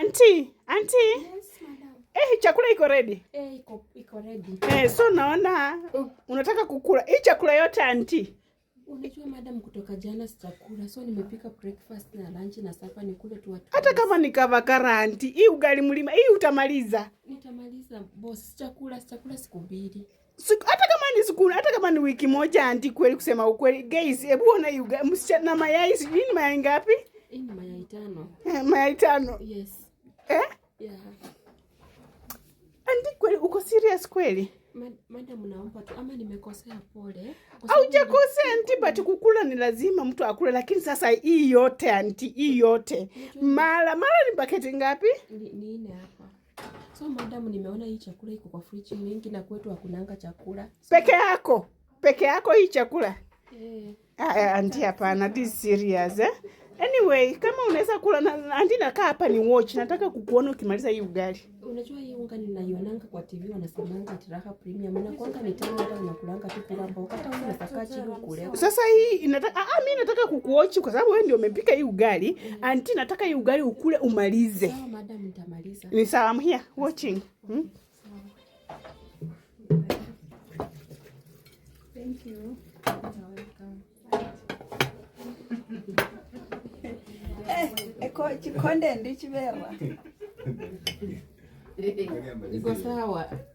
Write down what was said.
Auntie, auntie. Yes, madam. Eh, chakula iko ready? Eh, iko iko ready. Eh, so naona oh. unataka kukula. Hii chakula yote auntie. Unajua madam, kutoka jana sitakula. So nimepika breakfast na lunch na supper nikule tu watu. Hata kama nikavakara auntie, hii ugali mlima, hii utamaliza. Nitamaliza boss, chakula sitakula siku mbili. Siku, hata kama ni siku, hata kama ni wiki moja auntie, kweli kusema ukweli. Guys, hebu ona hii ugali, msichana mayai, sijui ni mayai ngapi? Hii ni mayai tano. Eh, mayai tano. Yes. Yeah. Andi kweli uko serious kweli? Madam naomba tu ama nimekosea pole. Haujakosea anti, but kukula ni lazima mtu akule, lakini sasa hii yote anti, hii yote. Mara mara ni paketi ngapi? Ni ni nne hapa. So madam, nimeona hii chakula iko kwa fridge mingi na kwetu hakunanga chakula. So, Peke yako. Peke yako hii chakula. Eh. Ah, anti hapana, this serious eh? Anyway, kama unaweza kula na andi nakaa hapa ni watch. Nataka kukuona ukimaliza hii ugali. Unajua hii unga ninaionanga kwa TV wanasemanga ati Raha Premium. Na kwanga ni tamu hata unakulanga tu bila mboga hata wewe unakaa chini kule Sasa hii inataka ah, mimi ah, nataka kukuwatch kwa sababu wewe ndio umepika hii ugali. Mm. Anti nataka hii ugali ukule umalize. Sawa madam, nitamaliza. Ni sawa, here watching. Hmm? Thank you. ekonde eh, eh, ndich vera niko sawa